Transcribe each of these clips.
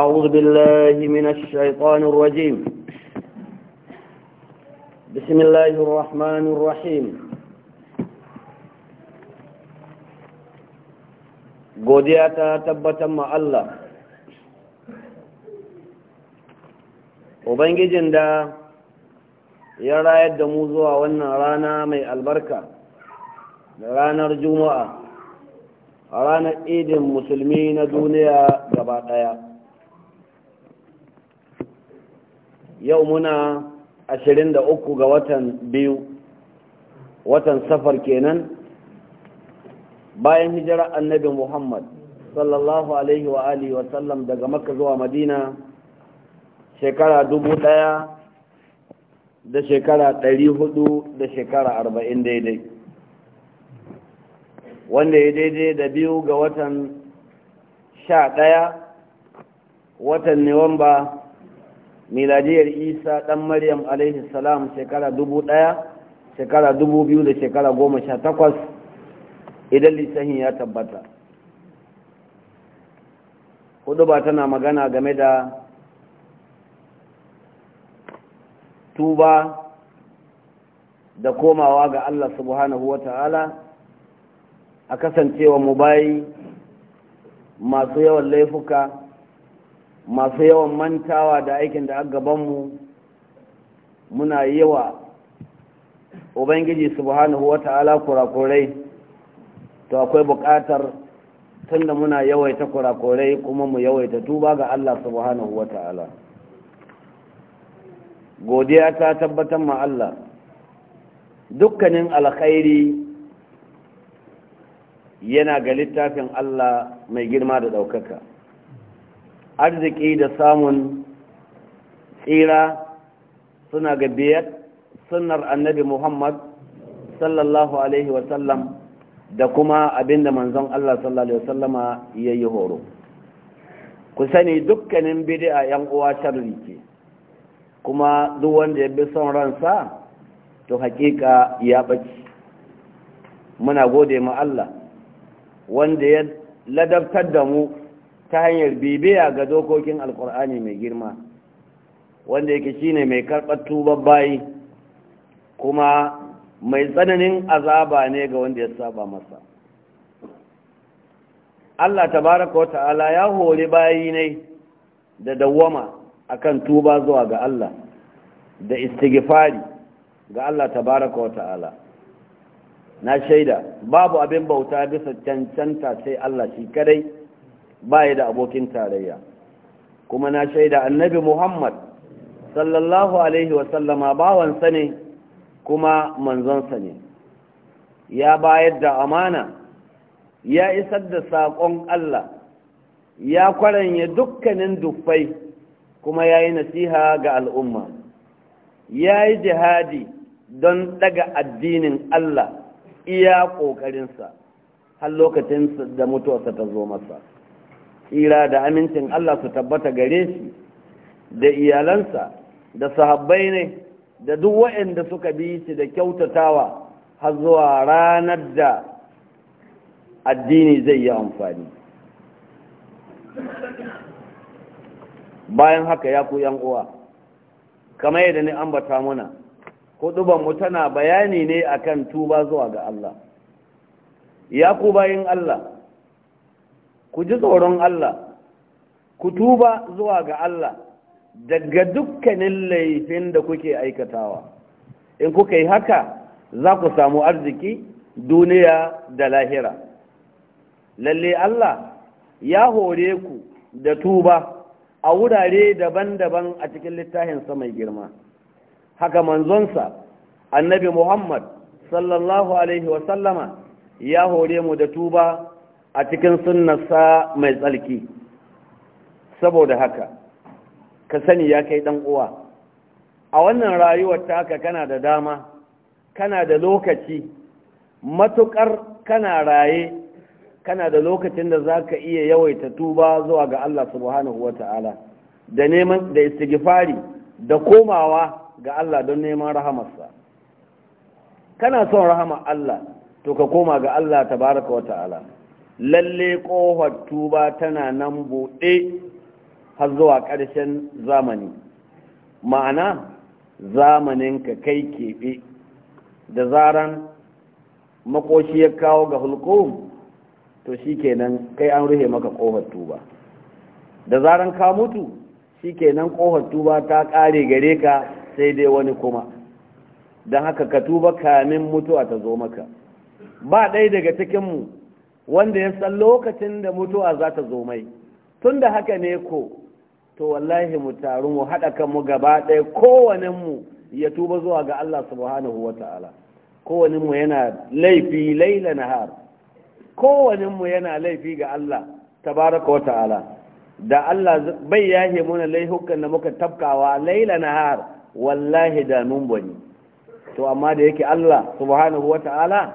أعوذ بالله من الشيطان الرجيم بسم الله الرحمن الرحيم قدياتا تبتا مع الله وبنجي جندا يرى يد موزوة وانا رانا مي البركة رانا رجوموة رانا ايد المسلمين دونيا جباقيا yau muna ashirin da uku ga watan biyu watan safar kenan bayan hijira annabi muhammad sallallahu alaihi wa alihi wa sallam daga makka zuwa madina shekara dubu ɗaya da shekara ɗari hudu da shekara arba'in daidai wanda ya daidai da biyu ga watan sha ɗaya watan nuwamba miladiyar isa ɗan maryam alaihi salam shekara dubu ɗaya shekara dubu biyu da shekara goma sha takwas idan lissahin ya tabbata hudu ba tana magana game da tuba da komawa ga Allah subhanahu wa ta'ala a kasancewa mu bayi masu yawan laifuka masu yawan mantawa da aikin da aka gabanmu muna yawa ubangiji subhanahu wata'ala kurakurai to akwai buƙatar tunda muna yawaita kurakurai kuma mu yawaita tuba ga Allah subhanahu wata'ala godiya ta tabbatar ma Allah dukkanin alkhairi yana ga littafin Allah mai girma da ɗaukaka arziki da samun tsira suna ga biyar sunar annabi muhammad sallallahu alaihi wasallam da kuma abinda manzon Allah sallallahu alaihi wasallama ya yi horo ku sani dukkanin bid'a yan uwa sharri ke kuma duk wanda ya bi son ransa to hakika ya baci muna gode ma Allah wanda ya ladabtar da mu ta hanyar bibiya ga dokokin alkur'ani mai girma wanda yake shine mai karɓar tubar bayi kuma mai tsananin azaba ne ga wanda ya saba masa Allah tabaraka wata'ala ya hori bayi ne da dawwama akan tuba zuwa ga Allah da istighfari ga Allah tabaraka wata'ala na shaida babu abin bauta bisa cancanta sai Allah shi kadai baya da abokin tarayya kuma na shaida annabi Muhammad sallallahu alaihi wasallama bawansa ne kuma manzonsa ne ya bayar da amana ya isar da saƙon Allah ya kwaranye dukkanin dufai kuma ya yi nasiha ga al'umma ya yi jihadi don daga addinin Allah iya ƙoƙarinsa har lokacin da mutuwarsa ta zo masa tsira da amincin Allah su tabbata gare shi da iyalansa da sahabbai ne da duk waɗanda suka bi shi da kyautatawa har zuwa ranar da addini zai yi amfani bayan haka ya ku yan uwa kamar yadda ni ambata muna mu tana bayani ne akan tuba zuwa ga Allah ya ku bayin Allah ku ji tsoron Allah ku tuba zuwa ga Allah daga dukkanin laifin da kuke aikatawa in kuka yi haka za ku samu arziki duniya da lahira lalle Allah ya hore ku da tuba a wurare daban-daban a cikin littafinsa mai girma haka manzonsa annabi Muhammad sallallahu alaihi wasallama ya hore mu da tuba a cikin sunnarsa mai tsarki saboda haka ka sani ya kai dan uwa a wannan rayuwar taka kana da dama kana da lokaci matukar kana raye kana da lokacin da za ka iya yawaita tuba zuwa ga Allah subhanahu wa da neman da istighfari da komawa ga Allah don neman rahamarsa kana son rahama Allah to ka koma ga Allah tabaraka wa ta'ala lalle ƙofar tuba tana nan buɗe har zuwa ƙarshen zamani ma'ana zamanin ka kai keɓe da zaran makoshi ya kawo ga hulko to shi kenan kai an ruhe maka ƙofar tuba da zaran ka mutu shi kenan ƙofar tuba ta ƙare gare ka sai dai wani kuma don haka ka tuba kamin mutuwa ta zo maka ba ɗaya daga cikinmu wanda ya san lokacin da mutuwa za ta zo mai tun da haka ne ko to wallahi mu taru mu haɗa kanmu gaba ɗaya mu ya tuba zuwa ga Allah subhanahu wa ta'ala mu yana laifi laila nahar mu yana laifi ga Allah tabaraka wa ta'ala da Allah bai yahe muna laihukan da muka tabkawa laila nahar wallahi da numbani to amma da yake Allah subhanahu wa ta'ala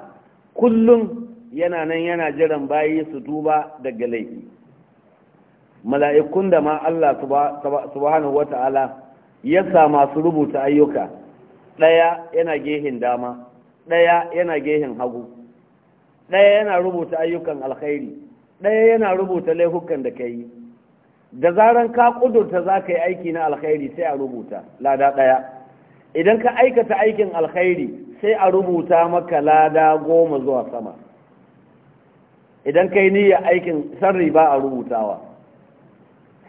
kullum yana nan yana jiran bayi su duba daga laifi mala'ikun da ma Allah subhanahu wata'ala ya sa masu rubuta ayyuka ɗaya yana gehin dama ɗaya yana gehin hagu ɗaya yana rubuta ayyukan alkhairi ɗaya yana rubuta laifukan da ka yi da zaran ka ƙudurta za ka yi aiki na alkhairi sai a rubuta lada ɗaya idan ka aikata aikin alkhairi sai a rubuta maka lada goma zuwa sama idan kai niyyar aikin sarri ba a rubutawa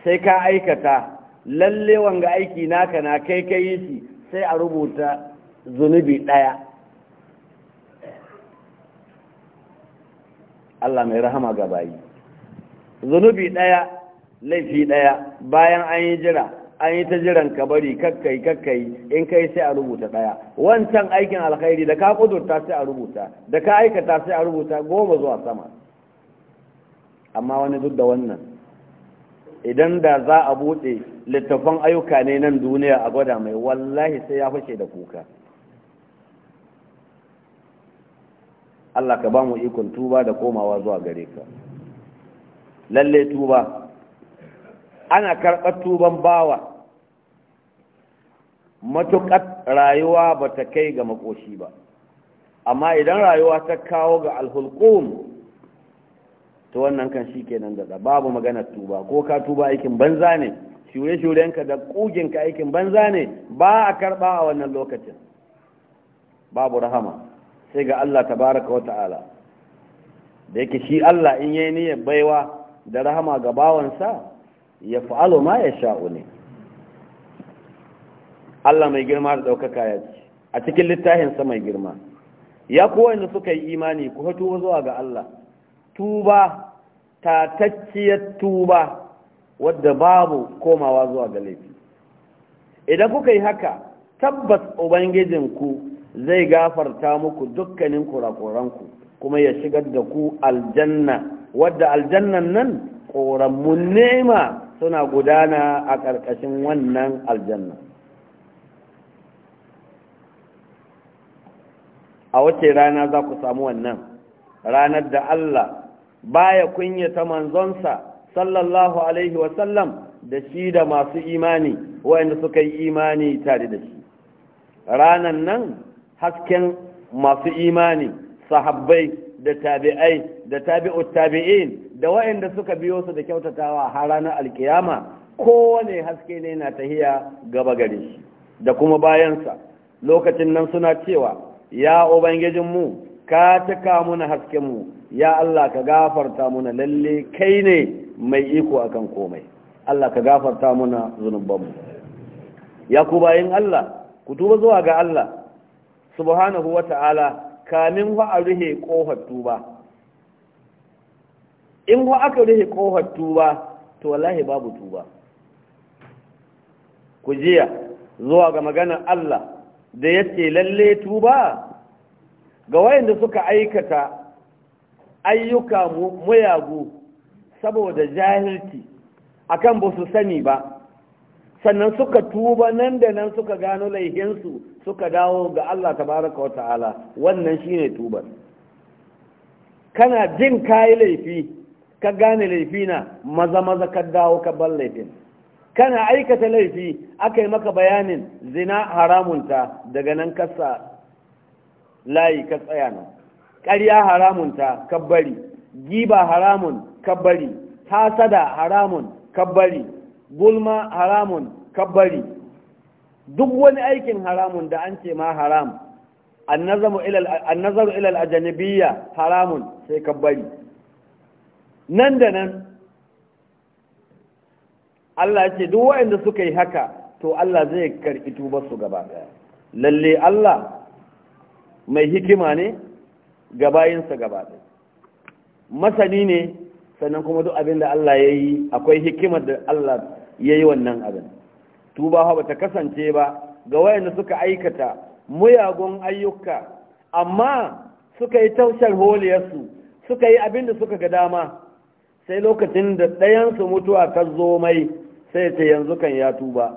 sai ka aikata lalle wanga aiki naka na kai kai shi sai a rubuta zunubi ɗaya Allah mai rahama ga bayi zunubi ɗaya laifi ɗaya bayan an yi jira an yi ta jiran ka bari kakkai kakkai in kai sai a rubuta ɗaya wancan aikin alkhairi da ka kudurta sai a rubuta da ka aikata sai a rubuta goma zuwa sama amma wani duk da wannan idan da za a buɗe littafan ayyuka ne nan duniya a gwada mai wallahi sai ya fashe da kuka Allah ka ba mu ikon tuba da komawa zuwa gare ka lalle tuba ana karɓar tuban bawa matuƙar rayuwa ba ta kai ga makoshi ba amma idan rayuwa ta kawo ga alhulkum to wannan kan shi ke nan da babu maganar tuba ko ka tuba aikin banza ne shure-shurenka da kuginka aikin banza ne ba a karɓa a wannan lokacin babu rahama sai ga Allah baraka wa ta'ala da yake shi Allah in yayi niyyar baiwa da rahama ga bawansa ya fa'alo ma ya sha'u ne Allah mai girma da ɗaukaka ya ce a cikin littafinsa mai girma ya kowanne suka yi imani ku hatu zuwa ga Allah tuba tatacciyar tuba wadda babu komawa zuwa ga laifi idan kuka yi haka tabbas ubangijinku zai gafarta muku dukkanin kurakuranku kuma ya shigar da ku aljanna wadda aljannan nan ƙorammun nema suna gudana a ƙarƙashin wannan aljanna a wace rana za ku samu wannan ranar da Allah baya kunyata manzonsa sallallahu alaihi wasallam da shi da masu imani wayanda suka yi imani tare da shi ranan nan hasken masu imani sahabbai da tabi'ai da tabi'ut tabi'in da wayanda suka biyo su da kyautatawa har ranar alkiyama kowane haske ne na tahiya gaba gare shi da kuma bayansa lokacin nan suna cewa ya ubangijinmu ka cika muna haskenmu ya Allah ka gafarta muna lalle kai ne mai iko akan komai Allah ka gafarta muna zunubanmu ya ku bayin Allah ku tuba zuwa ga Allah subhanahu Ta'ala kamin fa a ruhe kofar tuba in fa aka ruhe kofar tuba to wallahi babu tuba ku jiya zuwa ga maganar Allah da yace lalle tuba ga wayanda suka aikata ayyuka muyagu saboda jahilci akan ba su sani ba sannan suka tuba nan da nan suka gano laihinsu suka dawo ga Allah tabaraka wa ta'ala wannan shine tubar kana jin kayi laifi ka gane laifi na maza maza ka dawo ka bar laifin kana aikata laifi aka yi maka bayanin zina haramunta daga nan kasa layi ka tsaya nan ƙarya haramun ta kabbari giba haramun kabbari hasada haramun kabbari gulma haramun kabbari duk wani aikin haramun da an ce ma haram nazaru ilal ajanibiyya haramun sai kabbari nan da nan Allah ce duk waɗanda suka yi haka to Allah zai karɓi tubarsu gaba ɗaya lalle Allah mai hikima ne ga bayinsa gaba masani ne sannan kuma duk abin da Allah ya yi akwai hikimar da Allah ya yi wannan abin tuba ba ta kasance ba ga wayanda suka aikata muyagun ayyuka amma suka yi taushar holiyarsu suka yi abin da suka ga dama sai lokacin da ɗayansu mutuwa ta zo mai sai ta yanzu kan ya tuba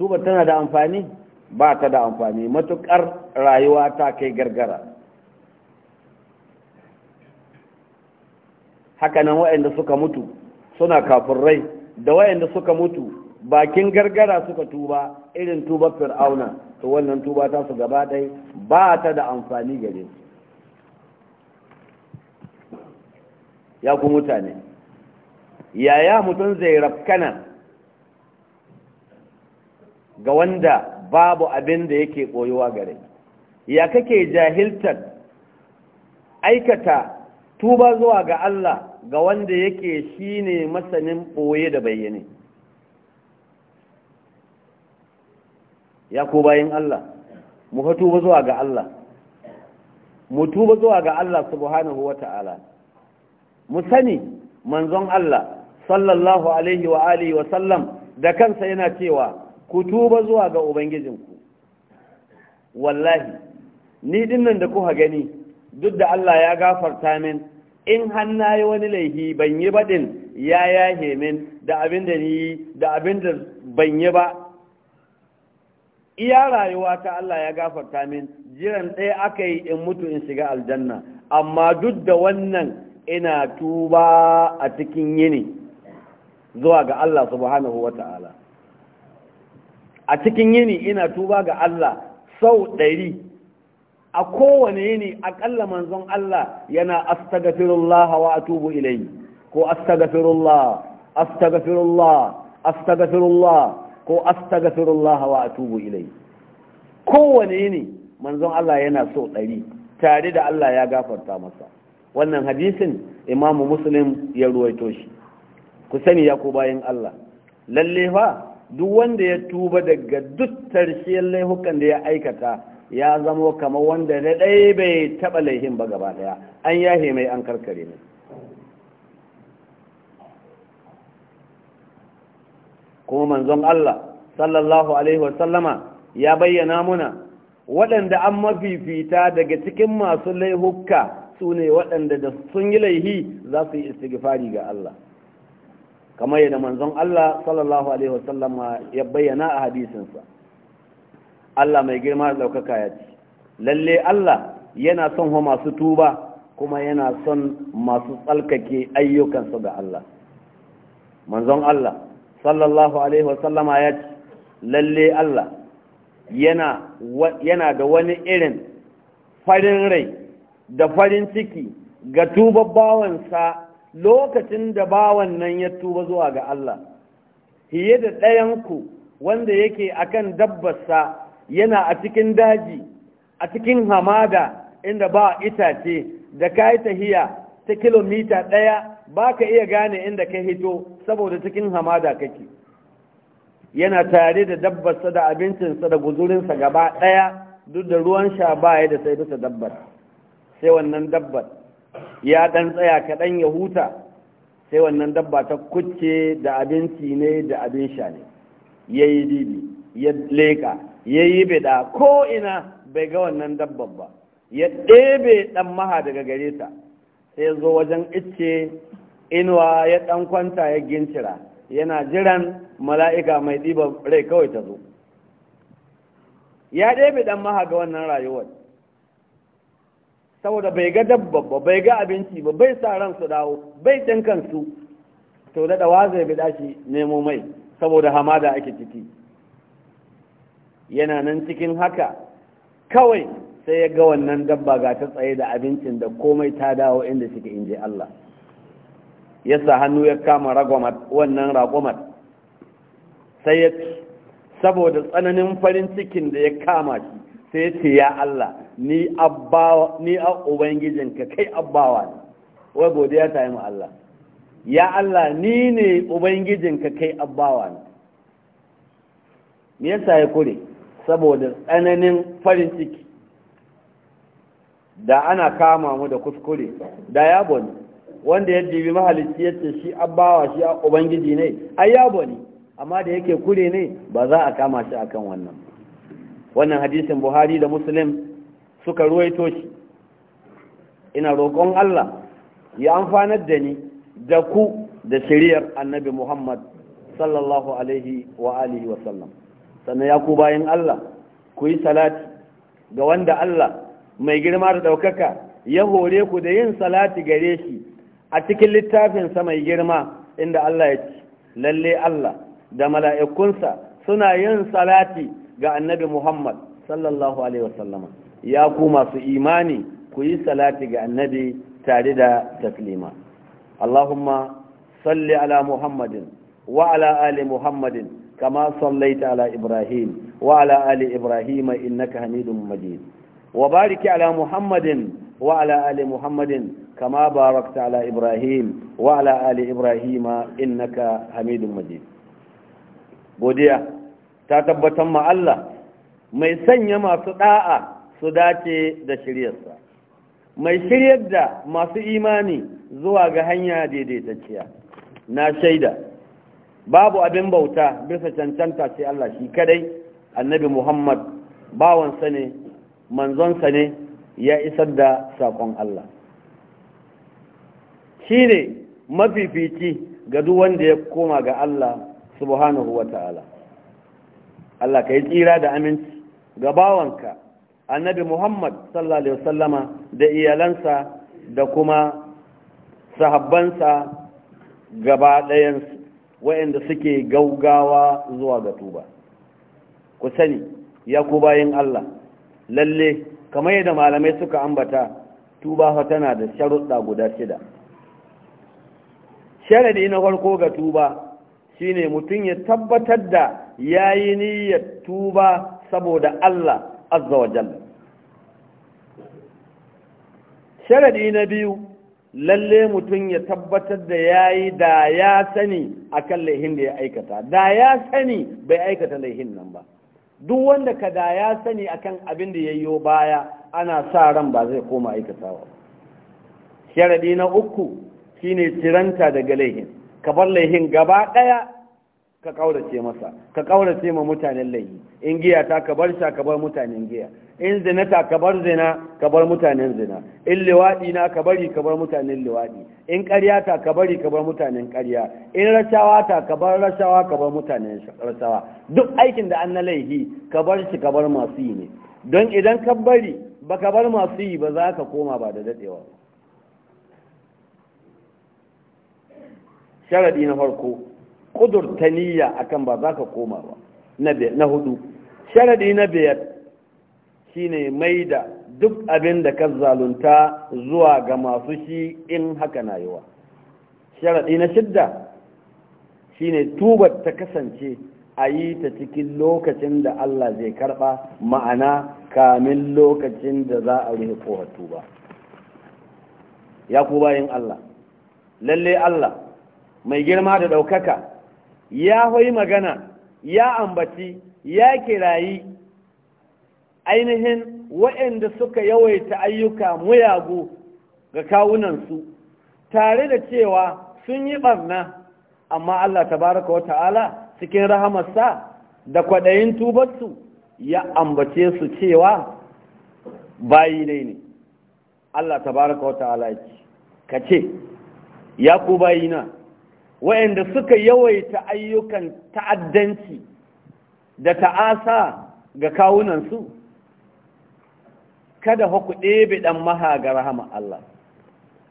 tuba tana da amfani ba ta da amfani matuƙar rayuwa ta kai gargara hakanan waɗanda suka mutu suna kafirai da waɗanda suka mutu bakin gargara suka tuba irin tuba fir'auna to wannan tuba ta su gaba ɗai ba ta da amfani gare su ya ku mutane yaya mutum zai rabkana ga wanda babu abin da yake koyowa gare ya kake jahiltar aikata tuba zuwa ga Allah ga wanda yake shine masanin boye da bayyane ya ko bayan Allah mu tuba zuwa ga Allah mu tuba zuwa ga Allah subhanahu wata'ala mu sani manzon Allah sallallahu alaihi wa alihi wa sallam da kansa yana cewa ku tuba zuwa ga ubangijinku wallahi ni dinnan da kuka gani duk da Allah ya gafarta min in yi wani laifi ban yi baɗin ya yahe min da abin da ni da abin da ban yi ba iya rayuwa ta Allah ya gafarta min jiran ɗaya aka yi in mutu in shiga aljanna amma duk da wannan ina tuba a cikin yini zuwa ga Allah subhanahu wa ta'ala a cikin yini ina tuba ga Allah sau ɗari a kowane yini aƙalla manzon Allah yana astagfirullah wa tubu ilai. ko astagfirullah astagfirullah astagfirullah ko astagfirullah wa tubu ilai. kowane yini manzon Allah yana sau ɗari tare da Allah ya gafarta masa wannan hadisin imamu muslim ya ruwaito shi ku sani ya ku bayan Allah lalle fa duk wanda ya tuba daga duk tarshiyar laihukan da ya aikata ya zama kamar wanda na ɗaya bai taɓa laihin ba gaba ɗaya an yahe mai an karkare ne kuma manzon Allah sallallahu alaihi wasallama ya bayyana muna waɗanda an mafifita daga cikin masu laihukka su ne waɗanda da sun yi laihi za su yi istighfari ga Allah kamar yadda manzon Allah sallallahu alaihi wasallama ya bayyana a hadisinsa Allah mai girma da ɗaukaka ya ce lalle Allah yana son ho masu tuba kuma yana son masu tsalkake ayyukansu ga Allah manzon Allah sallallahu alaihi wasallama ya ce lalle Allah yana yana da wani irin farin rai da farin ciki ga tuba bawansa lokacin da bawan nan ya tuba zuwa ga Allah fiye da ɗayanku wanda yake akan dabbarsa yana a cikin daji a cikin hamada inda ba itace da ka yi tahiya ta kilomita ɗaya ba ka iya gane inda ka hito saboda cikin hamada kake yana tare da dabbarsa da abincinsa da guzurinsa gaba ɗaya duk da ruwan sha baya da sai bisa dabbar sai wannan dabbar ya ɗan tsaya kaɗan ya huta sai wannan dabba ta kucce da abinci ne da abin sha ne ya yi dibi ya leka ya yi bida ko ina bai ga wannan dabban ba ya ɗebe ɗan maha daga gare ta sai zo wajen icce inuwa ya ɗan kwanta ya gincira yana jiran mala'ika mai ɗiban rai kawai ta zo ya ɗebe ɗan maha ga wannan rayuwar saboda bai ga dabba ba bai ga abinci ba bai sa ran su dawo bai tin kansu to da dawa zai bi dashi nemo mai saboda hamada ake ciki yana nan cikin haka kawai sai ya ga wannan dabba ga ta tsaye da abincin da komai ta dawo inda suke inje Allah ya sa hannu ya kama ragwamat wannan ragwamat sai ya saboda tsananin farin cikin da ya kama shi sai ce ya Allah ni abbawa ni a ubangijinka kai abbawa ne wai godiya ta yi mu Allah ya Allah ni ne ubangijinka kai abbawa ne me yasa ya kure saboda tsananin farin ciki da ana kama mu da kuskure da yabo ne wanda ya dibi mahalicci ya ce shi abbawa shi a ubangiji ne ai yabo ne amma da yake kure ne ba za a kama shi akan wannan wannan hadisin buhari da muslim suka ruwaito shi ina roƙon allah ya amfanar da ni da ku da shiriyar annabi muhammad sallallahu alaihi wa alihi wasallam sannan ya ku bayan allah ku yi salati ga wanda allah mai girma da ɗaukaka ya hore ku da yin salati gare shi a cikin littafinsa mai girma inda allah ya ci? lalle allah da mala'ikunsa suna yin salati ga annabi muhammad sallallahu alaihi wasallama ya ku masu imani ku yi salati ga annabi tare da taslima allahumma salli ala muhammadin wa ala ali muhammadin kama sallaita ala ibrahim wa ala ali ibrahim innaka hamidun majid wa bariki ala muhammadin wa ala ali muhammadin kama barakta ala ibrahim wa ala ali ibrahim innaka hamidun majid godiya ta tabbatar ma Allah mai sanya masu da'a su dace da shiryarsa mai shiryar da masu imani zuwa ga hanya daidaitacciya na shaida babu abin bauta bisa cancanta sai Allah shi kadai annabi Muhammad bawansa ne manzonsa ne ya isar da sakon Allah shi ne mafifici ga duk wanda ya koma ga Allah subhanahu wa ta'ala Allah ka yi tsira da aminci ga bawanka annabi Muhammad sallallahu alaihi wasallama da iyalansa da kuma sahabbansa gaba ɗayansu waɗanda suke gaugawa zuwa ga tuba ku sani ya ku bayin Allah lalle kamar yadda malamai suka ambata tuba fa tana da sharuɗa guda shida sharadi na farko ga tuba shine mutum ya tabbatar da ya yi niyyar tuba saboda Allah azza wa jalla sharadi na biyu lalle mutum ya tabbatar da ya yi da ya sani a kan laihin da ya aikata da ya sani bai aikata laihin nan ba duk wanda ka da ya sani akan abin da ya yi baya ana sa ran ba zai koma ba sharadi na uku shine tiranta daga laihin ka bar laihin gaba ɗaya ka kaurace masa ka kaurace ma mutanen layi in giya ta ka bar sha ka bar mutanen giya in zina ta ka bar zina ka bar mutanen zina in liwadi na ka bari ka bar mutanen liwadi in ƙarya ta ka bari ka bar mutanen ƙarya in rashawa ta ka bar rashawa ka bar mutanen rashawa duk aikin da an na laihi ka bar shi ka bar masu yi ne don idan ka bari ba ka bar masu yi ba za ka koma ba da daɗewa sharaɗi na farko ta niyya akan ba za ka koma ba na hudu sharadi na biyar shine mai da duk abin da ka zalunta zuwa ga masu shi in haka na yiwa sharadi na shidda shine tubar ta kasance a yi ta cikin lokacin da Allah zai karba ma'ana kamin lokacin da za a rufe kohar tuba ya ku bayin Allah lalle Allah mai girma da ɗaukaka ya hoyi magana ya ambaci ya kirayi ainihin waɗanda suka yawaita ayyuka muyagu ga kawunansu tare da cewa sun yi barna amma Allah tabaraka wa ta'ala cikin rahamarsa da kwaɗayin tubarsu ya ambace su cewa bayi ne ne Allah tabaraka wa ta'ala ya ce ce ya ku bayina waɗanda suka yawaita ayyukan ta'addanci da ta'asa ga kawunansu kada ku ɗebe ɗan maha ga rahama Allah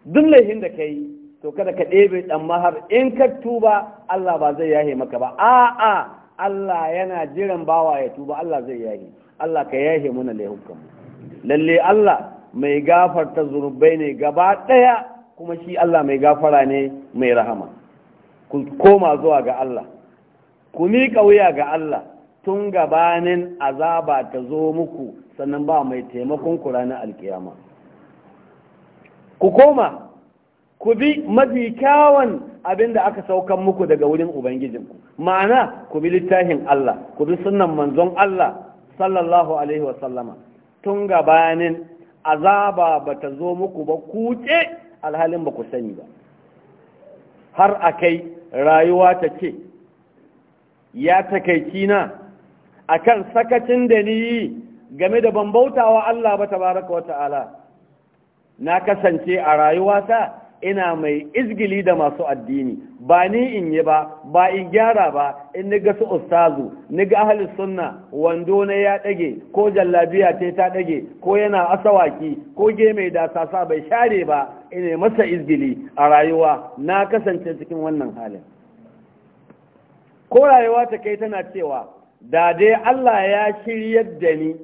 duk laihin da ka yi to kada ka ɗebe ɗan mahar in ka tuba Allah ba zai yahe maka ba a'a Allah yana jiran bawa ya tuba Allah zai yahe Allah ka yahe muna laihukanmu lalle Allah mai gafarta zurubai ne gaba ɗaya kuma shi Allah mai gafara ne mai rahama ku koma zuwa ga Allah ku miƙa wuya ga Allah tun gabanin azaba ta zo muku sannan ba mai taimakon ku ranar alkiyama ku koma ku bi mafi kyawun abin da aka saukan muku daga wurin ubangijinku ma'ana ku bi littafin Allah ku bi sunan manzon Allah sallallahu alaihi wasallama tun gabanin azaba ba ta zo muku ba kuce alhalin ba ku sani ba har akai. rayuwa ta ce ya takaici na a kan sakacin da ni yi game da bambautawa Allah ba baraka wa ta'ala na kasance a rayuwata ina mai izgili da masu addini ba ni in yi ba ba in gyara ba in niga su ustazu niga ahalin sunna wando na ya ɗage ko jallabiya ce ta ɗage ko yana asawaki ko ge mai dasasa bai share ba ina masa izgili a rayuwa na kasance cikin wannan halin ko rayuwa ta kai tana cewa da dai Allah ya shiryar da ni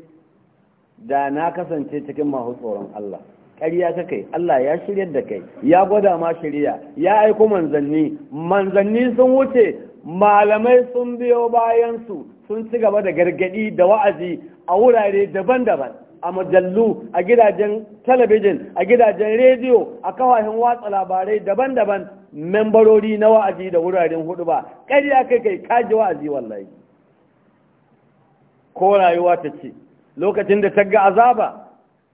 da na kasance cikin mahu tsoron Allah ƙarya ta kai Allah ya shirya da kai ya gwada ma shirya ya aiko manzanni manzanni sun wuce malamai sun biyo bayansu sun ci gaba da gargadi da wa'azi a wurare daban-daban a majallu a gidajen talabijin a gidajen rediyo a kafafen watsa labarai daban-daban membarori na wa'azi da wuraren hudu ba ƙarya kai kai kaji wa'azi wallahi ko rayuwa ta ce lokacin da ta ga azaba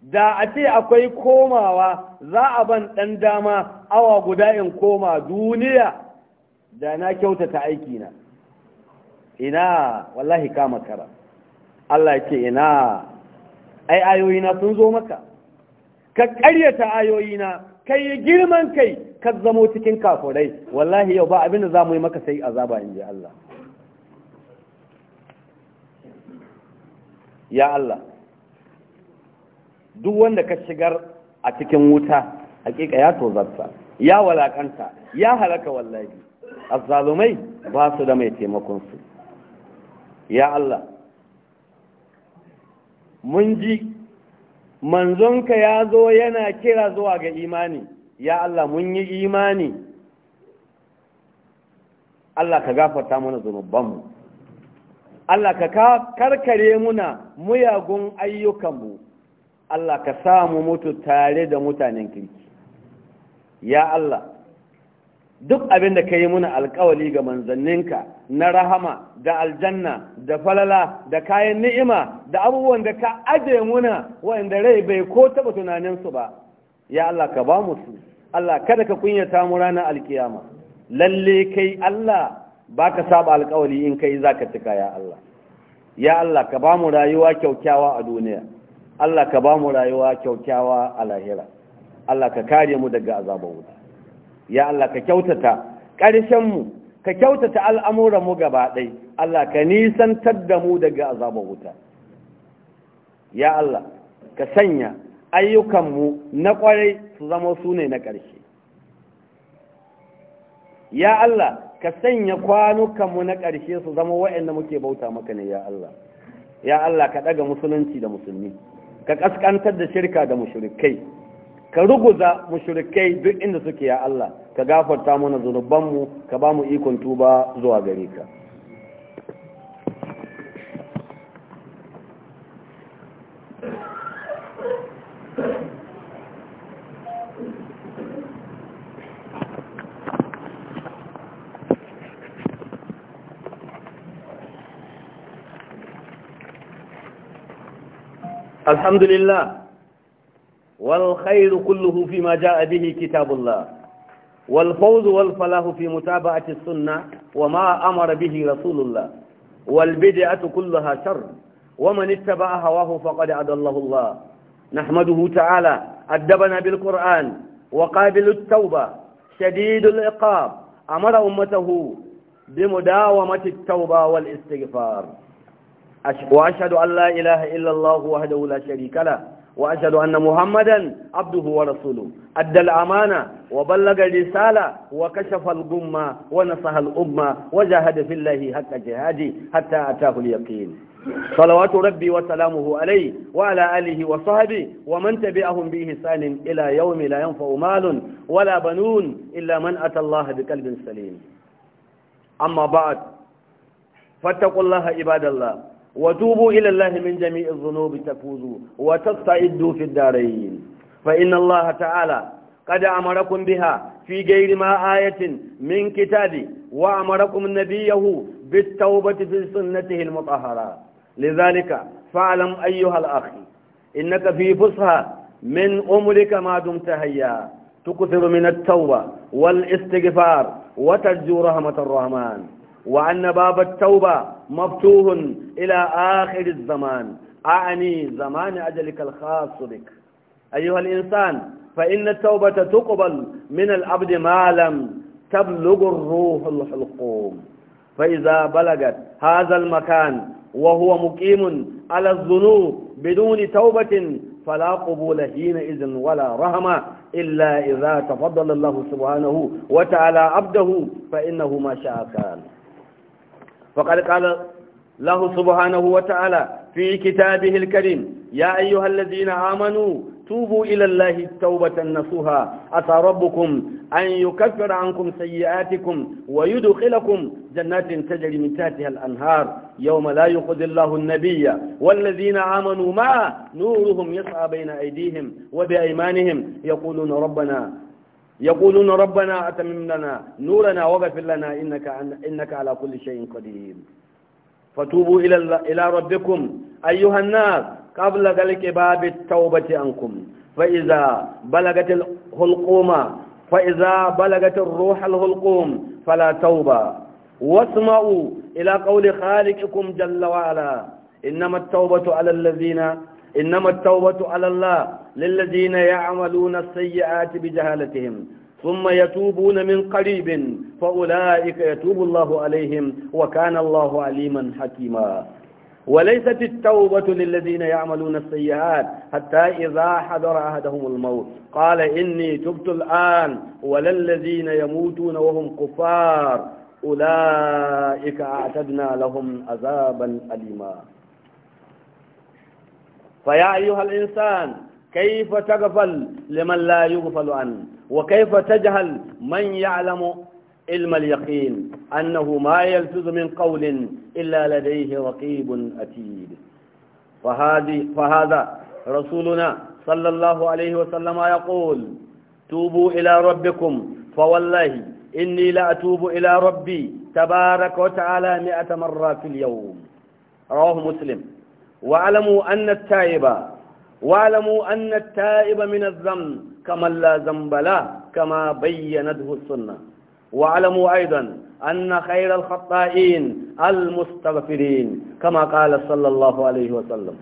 da a ce akwai komawa za a ban ɗan dama awa guda in koma duniya da na kyautata aikina ina wallahi kama kara Allah ya ce ina ai ayoyina sun zo maka ka ƙaryata ayoyina ka yi girman kai ka zamo cikin kafurai wallahi yau ba abin da za mu yi maka sai azaba in ji Allah ya Allah duk wanda ka shigar a cikin wuta hakika ya tozarta ya walakanta ya halaka wallahi azzalumai ba su da mai taimakon su. ya Allah mun ji manzonka ya zo yana kira zuwa ga imani ya Allah mun yi imani Allah ka gafarta mana zunubanmu Allah ka karkare muna muyagun ayyukanmu Allah ka samu mutu tare da mutanen kirki ya Allah duk abin da ka yi muna alkawali ga manzanninka na rahama da aljanna da falala da kayan ni'ima da abubuwan da ka aje muna wanda rai bai ko taba tunaninsu ba ya Allah ka ba mu su Allah kada ka kunyata mu ranar alkiyama lalle kai Allah ba ka saba alkawali in kai za ka cika ya Allah ya Allah ka ba mu rayuwa kyaukyawa a duniya Allah ka ba mu rayuwa kyaukyawa a lahira Allah ka kare mu daga azabar wuta ya Allah ka kyautata ƙarshenmu ka kyautata al'amuranmu gaba ɗai Allah ka nisantar da mu daga azabar wuta ya Allah ka sanya ayyukanmu na ƙwarai su zama su ne na ƙarshe ya Allah ka sanya kwanukanmu na ƙarshe su zama waɗanda muke bauta maka ne ya Allah ya Allah ka ɗaga musulunci da musulmi ka ƙasƙantar da shirka da mushrikai ka ruguza mushrikai duk inda suke ya Allah ka gafarta mana zunubanmu ka ba mu ikon tuba zuwa gare ka alhamdulillah والخير كله فيما جاء به كتاب الله والفوز والفلاح في متابعة السنة وما أمر به رسول الله والبدعة كلها شر ومن اتبع هواه فقد عدى الله الله نحمده تعالى أدبنا بالقرآن وقابل التوبة شديد العقاب أمر أمته بمداومة التوبة والاستغفار وأشهد أن لا إله إلا الله وحده لا شريك له وأشهد أن محمدا عبده ورسوله أدى الأمانة وبلغ الرسالة وكشف الغمة ونصح الأمة وجاهد في الله حق جهاده حتى أتاه اليقين صلوات ربي وسلامه عليه وعلى آله وصحبه ومن تبعهم بإحسان إلى يوم لا ينفع مال ولا بنون إلا من أتى الله بقلب سليم أما بعد فاتقوا الله عباد الله وتوبوا إلى الله من جميع الذنوب تفوزوا وتستعدوا في الدارين فإن الله تعالى قد أمركم بها في غير ما آية من كتابه وأمركم نبيه بالتوبة في سنته المطهرة لذلك فاعلم أيها الأخ إنك في فسحة من أمرك ما دمت هيا تكثر من التوبة والاستغفار وترجو رحمة الرحمن وأن باب التوبة مفتوح إلى آخر الزمان أعني زمان أجلك الخاص بك أيها الإنسان فإن التوبة تقبل من العبد ما لم تبلغ الروح الحلقوم فإذا بلغت هذا المكان وهو مقيم على الذنوب بدون توبة فلا قبول حينئذ ولا رحمة إلا إذا تفضل الله سبحانه وتعالى عبده فإنه ما شاء كان فقد قال له سبحانه وتعالى في كتابه الكريم يا أيها الذين آمنوا توبوا إلى الله توبة النصوها أتى ربكم أن يكفر عنكم سيئاتكم ويدخلكم جنات تجري من تحتها الأنهار يوم لا يخذ الله النبي والذين آمنوا معه نورهم يسعى بين أيديهم وبأيمانهم يقولون ربنا يقولون ربنا أتمم لنا نورنا واغفر لنا إنك, إنك على كل شيء قدير فتوبوا إلى, إلى ربكم أيها الناس قبل ذلك باب التوبة عنكم فإذا بلغت الهلقومة فإذا بلغت الروح الهلقوم فلا توبة واسمعوا إلى قول خالقكم جل وعلا إنما التوبة على الذين إنما التوبة على الله للذين يعملون السيئات بجهالتهم ثم يتوبون من قريب فأولئك يتوب الله عليهم وكان الله عليما حكيما وليست التوبة للذين يعملون السيئات حتى إذا حضر أحدهم الموت قال إني تبت الآن وللذين يموتون وهم كفار أولئك أعتدنا لهم عذابا أليما فيا أيها الإنسان كيف تغفل لمن لا يغفل عنه وكيف تجهل من يعلم علم اليقين أنه ما يلفظ من قول إلا لديه رقيب أتيد فهذه فهذا رسولنا صلى الله عليه وسلم يقول توبوا إلى ربكم فوالله إني لأتوب إلى ربي تبارك وتعالى مئة مرة في اليوم رواه مسلم واعلموا أن التائب واعلموا أن التائب من الذنب كمن لا ذنب له كما بينته السنة واعلموا أيضا أن خير الخطائين المستغفرين كما قال صلى الله عليه وسلم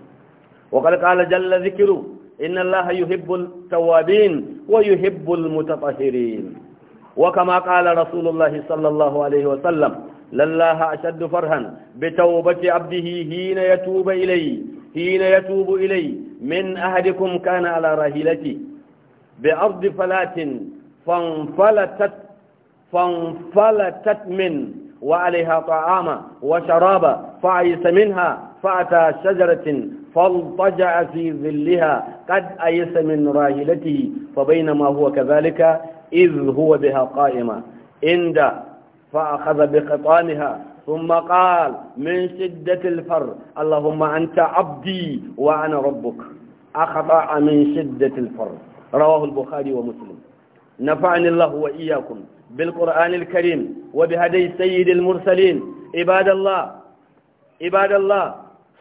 وقد قال جل ذكره إن الله يحب التوابين ويحب المتطهرين وكما قال رسول الله صلى الله عليه وسلم لله أشد فرها بتوبة عبده حين يتوب إليه حين يتوب إلي من أهدكم كان على راهلتي بأرض فلات فانفلتت فانفلتت من وعليها طعام وشرابا فعيس منها فأتى شجرة فالطجع في ظلها قد أيس من راهلته فبينما هو كذلك إذ هو بها قائما عند فأخذ بخطامها ثم قال من شدة الفر اللهم أنت عبدي وأنا ربك أخطأ من شدة الفر رواه البخاري ومسلم نفعني الله وإياكم بالقرآن الكريم وبهدي سيد المرسلين عباد الله عباد الله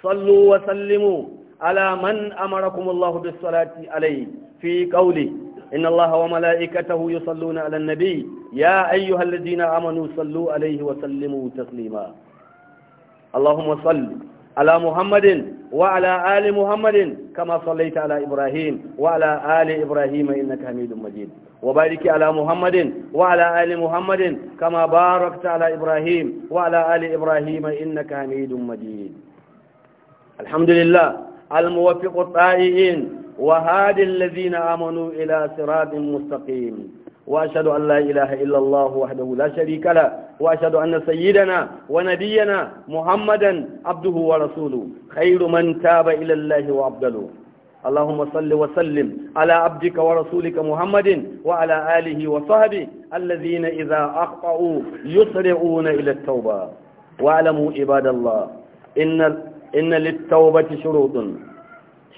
صلوا وسلموا على من أمركم الله بالصلاة عليه في قوله إن الله وملائكته يصلون على النبي يا أيها الذين آمنوا صلوا عليه وسلموا تسليما اللهم صل على محمد وعلى آل محمد كما صليت على إبراهيم وعلى آل إبراهيم إنك حميد مجيد وبارك على محمد وعلى آل محمد كما باركت على إبراهيم وعلى آل إبراهيم إنك حميد مجيد الحمد لله الموفق الطائعين وهادي الذين آمنوا إلى صراط مستقيم وأشهد أن لا إله إلا الله وحده لا شريك له وأشهد أن سيدنا ونبينا محمدا عبده ورسوله خير من تاب إلى الله وأبدله اللهم صل وسلم على عبدك ورسولك محمد وعلى آله وصحبه الذين إذا أخطأوا يسرعون إلى التوبة واعلموا عباد الله إن, إن للتوبة شروط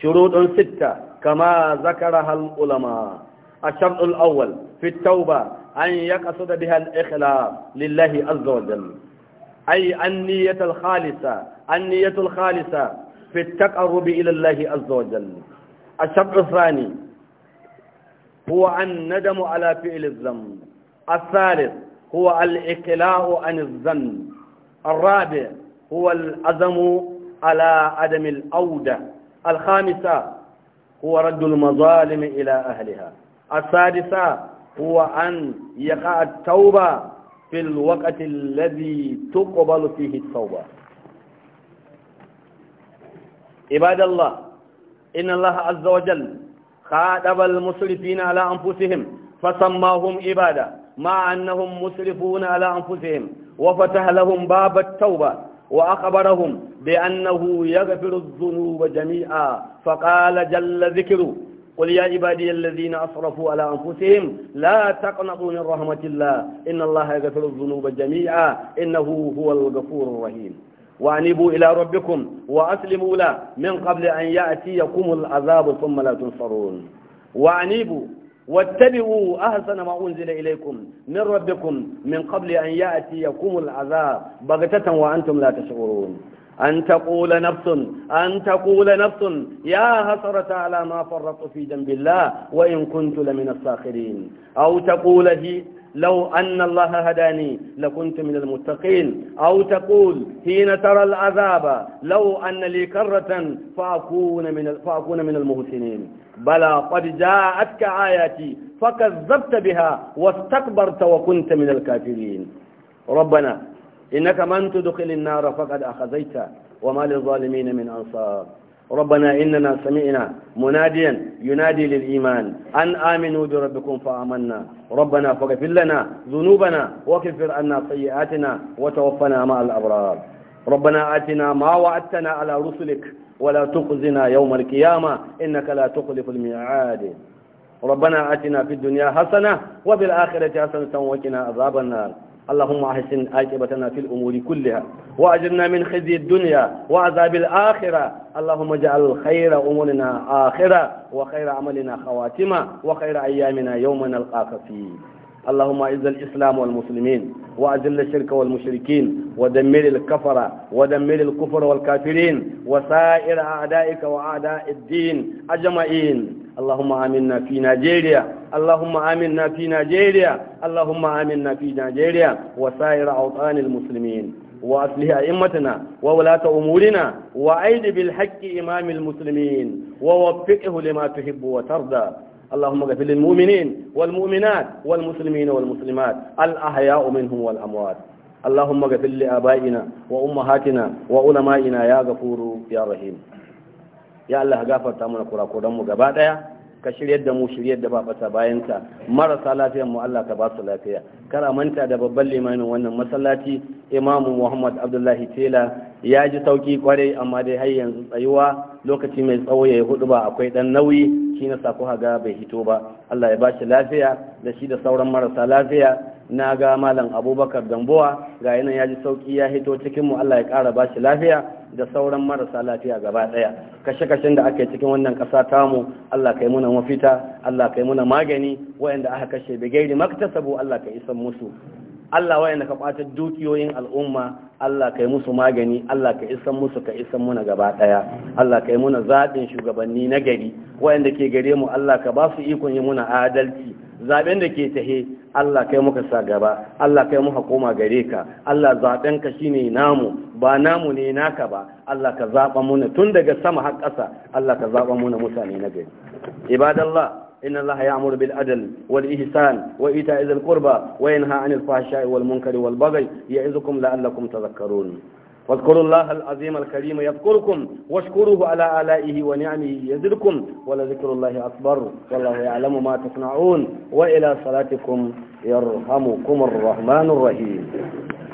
شروط ستة كما ذكرها العلماء الشرط الأول في التوبة أن يقصد بها الإخلاص لله عز وجل أي النية الخالصة النية الخالصة في التقرب إلى الله عز وجل الشرط الثاني هو الندم على فعل الذنب الثالث هو الإكلاء عن الذنب الرابع هو العزم على عدم الأودة الخامسة هو رد المظالم إلى أهلها السادسة هو أن يقع التوبة في الوقت الذي تقبل فيه التوبة عباد الله إن الله عز وجل خاطب المسرفين على أنفسهم فسماهم عبادة مع أنهم مسرفون على أنفسهم وفتح لهم باب التوبة وأخبرهم بأنه يغفر الذنوب جميعا فقال جل ذكره قل يا عبادي الذين أسرفوا على أنفسهم لا تقنطوا من رحمة الله إن الله يغفر الذنوب جميعا إنه هو الغفور الرحيم وأنيبوا إلى ربكم وأسلموا له من قبل أن يأتيكم العذاب ثم لا تنصرون وأنيبوا واتبعوا أحسن ما أنزل إليكم من ربكم من قبل أن يأتيكم العذاب بغتة وأنتم لا تشعرون أن تقول نفس أن تقول نفس يا هسرة على ما فرطت في جنب الله وإن كنت لمن الساخرين أو تقول هي لو أن الله هداني لكنت من المتقين أو تقول حين ترى العذاب لو أن لي كرة فأكون من, فأكون من المحسنين بلى قد جاءتك آياتي فكذبت بها واستكبرت وكنت من الكافرين ربنا إنك من تدخل النار فقد أخذيت وما للظالمين من أنصار ربنا إننا سمعنا مناديا ينادي للإيمان أن آمنوا بربكم فآمنا ربنا فاغفر لنا ذنوبنا وكفر عنا سيئاتنا وتوفنا مع الأبرار ربنا آتنا ما وعدتنا على رسلك ولا تخزنا يوم القيامة إنك لا تخلف الميعاد ربنا آتنا في الدنيا حسنة وفي الآخرة حسنة وقنا عذاب النار اللهم أحسن عاقبتنا في الأمور كلها وأجرنا من خزي الدنيا وعذاب الآخرة اللهم اجعل خير أمورنا آخرة وخير عملنا خواتمة وخير أيامنا يوم نلقاك فيه اللهم اعز الإسلام والمسلمين وأذل الشرك والمشركين ودمر الكفر ودمر الكفر والكافرين وسائر أعدائك وأعداء الدين أجمعين اللهم آمنا في نيجيريا اللهم آمنا في نيجيريا اللهم آمنا في نيجيريا وسائر أوطان المسلمين وأصلح أئمتنا وولاة أمورنا وأيد بالحق إمام المسلمين ووفقه لما تحب وترضى اللهم اغفر للمؤمنين والمؤمنات والمسلمين والمسلمات الأحياء منهم والأموات اللهم اغفر لآبائنا وأمهاتنا وعلمائنا يا غفور يا رحيم يا الله غفرت منا كرا كرا مو غبا ka shiryar da mu shiryar da ba bata ta marasa lafiyar mu Allah ka ba su lafiya kara manta da babban limamin wannan masallaci imamu Muhammad Abdullahi Tela ya ji sauki kwarai amma dai har yanzu tsayuwa lokaci mai tsawo ya yi hudu ba akwai dan nauyi shi na sako haga bai hito ba Allah ya ba shi lafiya da shi da sauran marasa lafiya na ga malam abubakar gamboa ga yanan ya ji sauki ya hito cikinmu mu allah ya ƙara ba shi lafiya da sauran marasa lafiya gaba ɗaya kashe-kashen da aka yi cikin wannan ƙasa tamu allah ka yi muna mafita allah ka yi muna magani wayanda aka kashe bigairi maktasabu allah ka isan musu Allah wayanda ka kwatar dukiyoyin al'umma Allah kai musu magani Allah ka isan musu ka isan muna gaba daya Allah kai muna zaɓin shugabanni na gari wayanda ke gare mu Allah ka ba su ikon yi muna adalci zaben da ke tahe Allah kai muka sa gaba Allah kai muka koma gare ka Allah zaben ka shine namu ba namu ne naka ba Allah ka zaba muna tun daga sama har ƙasa Allah ka zaba muna mutane na gari ibadallah إن الله يأمر بالعدل والإحسان وإيتاء ذي القربى وينهى عن الفحشاء والمنكر والبغي يعظكم لعلكم تذكرون واذكروا الله العظيم الكريم يذكركم واشكروه على آلائه ونعمه يزدكم ولذكر الله أكبر والله يعلم ما تصنعون وإلى صلاتكم يرحمكم الرحمن الرحيم